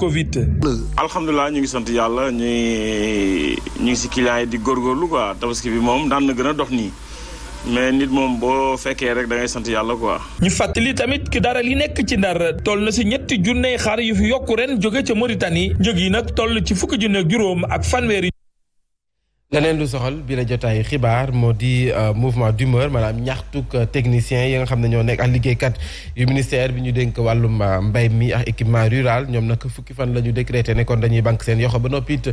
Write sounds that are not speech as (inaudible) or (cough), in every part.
Covid. alhamdulilah ñu ngi sant yàlla ñu ngi ñu ngi si clients yi di góorgóorlu quoi tabaski bi moom daan na gën a dox nii mais nit moom boo fekkee rek da ngay sant yàlla quoi. ñu fàttali tamit ki dara li nekk ci ndar toll na si ñetti junne xar yu fi yokk ren jóge ca Mauritanie jóg yi nag toll ci fukki junne juróom ak fanweeri. leneen lu soxal bi la jotaayu xibaar moo di euh, mouvement d'humeur maanaam ñaxtuk euh, technicien yi nga xam ne ñoo nekk ak liggéeykat yu ministère bi ñu dénk wàllum euh, mbay mi ak équipement rural ñoom nag fukki fan la ñu décrété ne kon dañuy banque seen yoxo ba noppit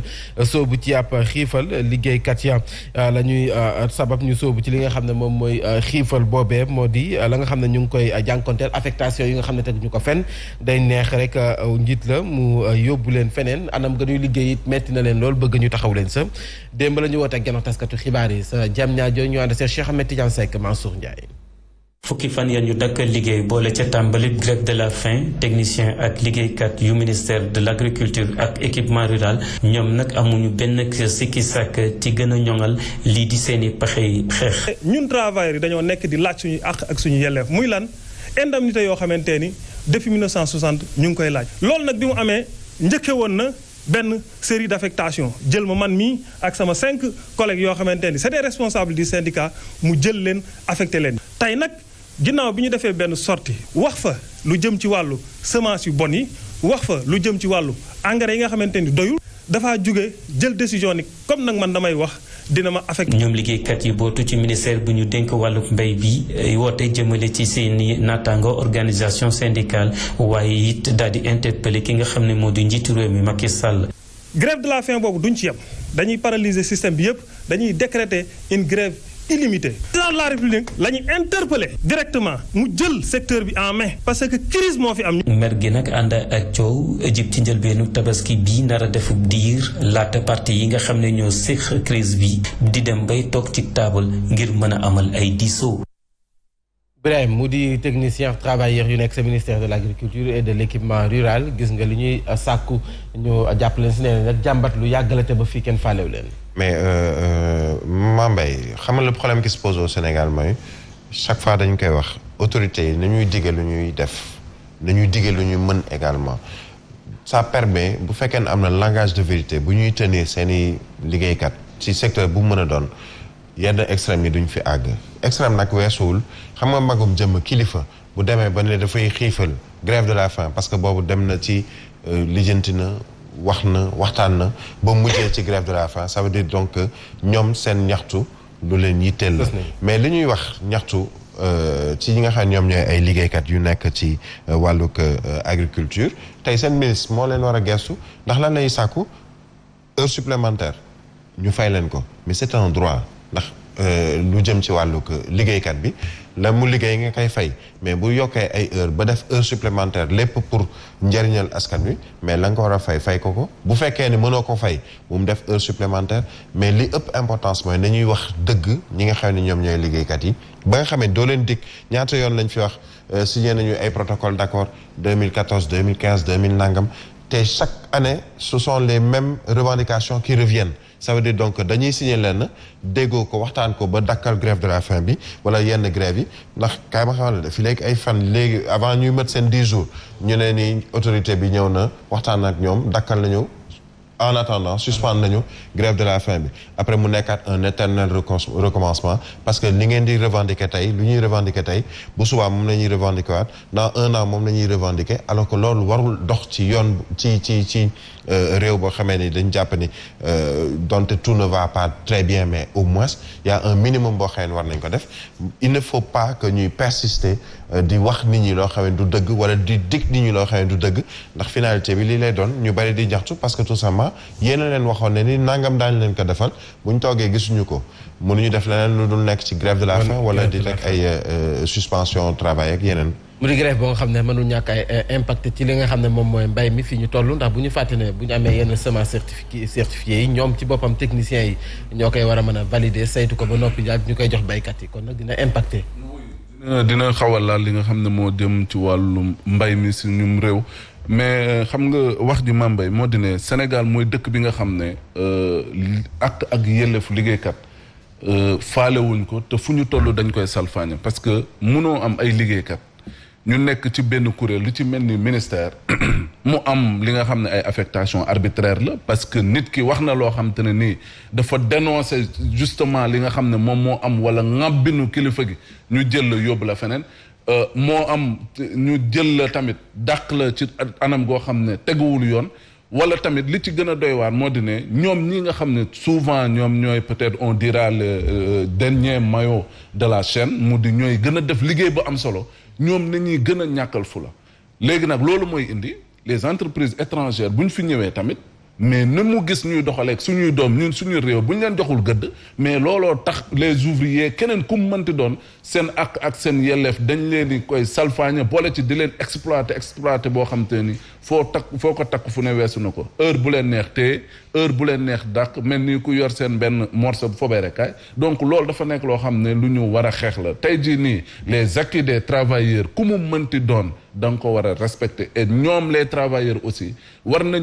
soobu ci yàpp xiifal liggéeykat ya la ñuy sabab ñu soobu ci li nga xam ne moom mooy xiifal boobee moo di la nga xam ne ñu ngi koy jànkonteel affectation yi nga xam ne teg ñu ko fen day neex rek njiit la mu yóbbu leen feneen anam ga ñuy liggéey it na leen lool bëgg ñu taxaw leen sa ñu woote ak gànnaaw taskatu xibaar yi sa jam ñaajo ñu ànd seen Cheikh Ahmed Tidiane Seck Mansour Ndiaye. fukki fan ya ñu dakk liggéey boole ca tàmbalit grève de la faim technicien ak liggéeykat yu ministère de l' agriculture ak équipement rural ñoom nag amuñu benn sikki sàkk ci gën a ñoŋal li di seen i pexe yi xeex. ñun travailleurs yi dañoo nekk di laaj suñu àq ak suñu yelleef muy lan indemnité yoo xamante ni depuis 1960 ñu ngi koy laaj loolu nag bi mu amee njëkke na. benn série d' affectation jël ma man mii ak sama cinq collègues yoo xamante ni c' est des responsables du mu jël leen affecté leen. tey nag ginnaaw bi ñu defee benn sorti wax fa lu jëm ci wàllu semence yu bon yi wax fa lu jëm ci wàllu engrais yi nga xamante ni doyul. dafa jóge jël décision ni comme nag man damay wax. dina ma affecté. ñoom liggéeykat yi bootu ci ministère bu ñu dénk wàllub mbay bi eh, woote jëmale ci seeni naataango organisation syndicale waaye it daal di interpellé ki nga xam ne moo di njiitu réew mi ma Macky Sall. grève de la faim boobu duñ ci yem dañuy paralyser système bi yëpp dañuy décréter une grève. illimité président de la la ñu interpellé directement mu jël secteur bi en main parce que crise moo fi am. mer gi nag ànd ak coow jib ci njëlbeenu tabaski bii nar a defu diir laata partie yi nga xam ne ñoo séq crise bi di dem bay toog ci taabal ngir mën a amal ay diisoo. Birahim mu di technicien travailleur yu nekk sa ministère de l' agriculture et de léquipement équipement rural gis nga li ñuy euh, sàkku ñu euh, jàppale si ne nag jàmbat lu yàggalate ba fii kenn faalew leen. mais euh, Mame Mbaye xam nga le problème qui se Sénégal mooy chaque fois dañ koy wax autorité yi ñuy digge lu ñuy def ñuy digge lu ñuy mën également ça permet bu fekkee ne am na langage de vérité bu ñuy tenir seen i liggéeykat ci secteur bu mën a doon. yenn extrême yi duñ fi àgg extrême nag weesuwul xam nga magum jëmm kilifa bu demee ba ne dafay xiifal grève de la faim parce que boobu dem na ci euh, lijjanti na wax na waxtaan na ba mujjee ci grève de la faim ça veut dire donc ñoom seen ñaxtu lu leen yitteel la mais li ñuy wax ñaxtu euh, ci ñi nga xam ñoom ñooy ay liggéeykat yu nekk ci euh, wàllug agriculture tey seen ministre moo leen war a gestu ndax lan lay sàkku heure supplémentaire ñu fay leen ko mais c'est un droit ndax euh, lu jëm ci wàllug liggéeykat bi la mu liggéey nga koy fay mais bu yokkee ay heure ba def heure supplémentaire lépp pour njëriñal askan wi mais la nga ko war a fay fay ko ko bu fekkee ni mënoo ko fay bu mu def heure supplémentaire mais li ëpp importance mooy nañuy wax dëgg ñi nga xam ne ñoom ñooy liggéeykat yi ba nga xamee doo leen dikk ñaata yoon lañ fi wax euh, signé nañu ay protocole d'accord 2014 2015 2000 nangam te chaque année ce sont les mêmes revendications qui reviennent ça veut donc dañuy signé lenn déggoo ko waxtaan ko ba dakkal grève de la faim bi wala yenn grève yi ndax kaay ma xamal la fi léegi ay fan léegi avant ñuy mat seen 10 jours ñu ne ni autorité bi ñëw na waxtaan ak ñoom dakkal nañu en attendant suspendre nañu grève de la faim bi après mu nekkaat un éternel recommencement parce que li ngeen di revendiquer tey lu ñuy revendiquer tey bu subaa moom la ñuy revendiquer waat dans un an moom la ñuy revendiquer alors que loolu warul dox ci yoon ci ci euh, réew boo xamee ni dañ jàpp ni euh, donte tout ne va pas très bien mais au moins y a un minimum boo xamee ni war nañ ko def il ne faut pas que ñuy persister euh, di wax nit ñi loo xam ne du dëgg wala di dig nit loo xam ne du dëgg ndax finalité bi lii lay doon ñu di jaxtu que tout simplement ans leen waxoon ne ni nangam daañu leen ko defal bu ñu toogee gisuñu ko mënuñu def leneen lu dul nekk ci grève de la faim wala di rek ay euh, euh, suspension travail ak yeneen mu di grève boo nga xam ne mënul ñàkk ay euh, impact ci li nga xam ne moom mooy mbay mi fii ñu toll ndax bu ñu fàtte ne bu ñu amee yenn semence certifié yi ñoom ci boppam technicien yi ñoo koy war a mën a valider saytu ko ba noppi daal ñu koy jox baykat yi kon nag dina impacté dina xaw a laal li nga xam ne moo dem ci wàllu mbay mi suñu réew mais euh, xam nga wax ji Mame Mbaye moo di Sénégal mooy dëkk bi nga xam ne ak euh, ak yelleefu liggéeykat euh, faalewuñ ko te fu ñu toll dañ koy salfaañe parce que mënoo am ay liggéeykat ñu nekk ci benn kuréel lu ci mel ni ministère (coughs) mu am li nga xam ne ay affectation arbitraire la parce que nit ki wax na loo xam te ne nii dafa dénoncer justement li nga xam ne moom moo am wala ŋàbbinu kilifa gi ñu jël la yóbbu la feneen Euh, moo am ñu jël la tamit dàq la ci anam goo xam ne teguwul yoon wala tamit li ci gën a doy moo di ne ñoom ñi nga xam ne souvent ñoom ñooy peut-être on dira le euh, dernier maillon de la chaine mu di ñooy gën a def liggéey bu am solo ñoom nañuy gën a ñàkkal fu la léegi nag loolu mooy indi les entreprises étrangères bu ñu fi ñëwee tamit mais nan mu gis ñuy doxalee suñuy doom ñun suñu réew bu ñu leen joxul gëdd mais looloo tax les ouvriers keneen ku mënti doon seen ak ak seen yelleef dañ leen di koy salfaañe boole ci di leen exploité exploité boo xam ni foo takk foo ko takk fu ne weesu ko heure bu leen neex heure bu leen neex dàq mel ni ku yor seen benn morceau bu fobee rek donc loolu dafa nekk loo xam ne lu ñu war a xeex la tey jii nii les acquis des travailleurs ku mu mënti doon da ko war a respecté et ñoom les travailleurs aussi war nañ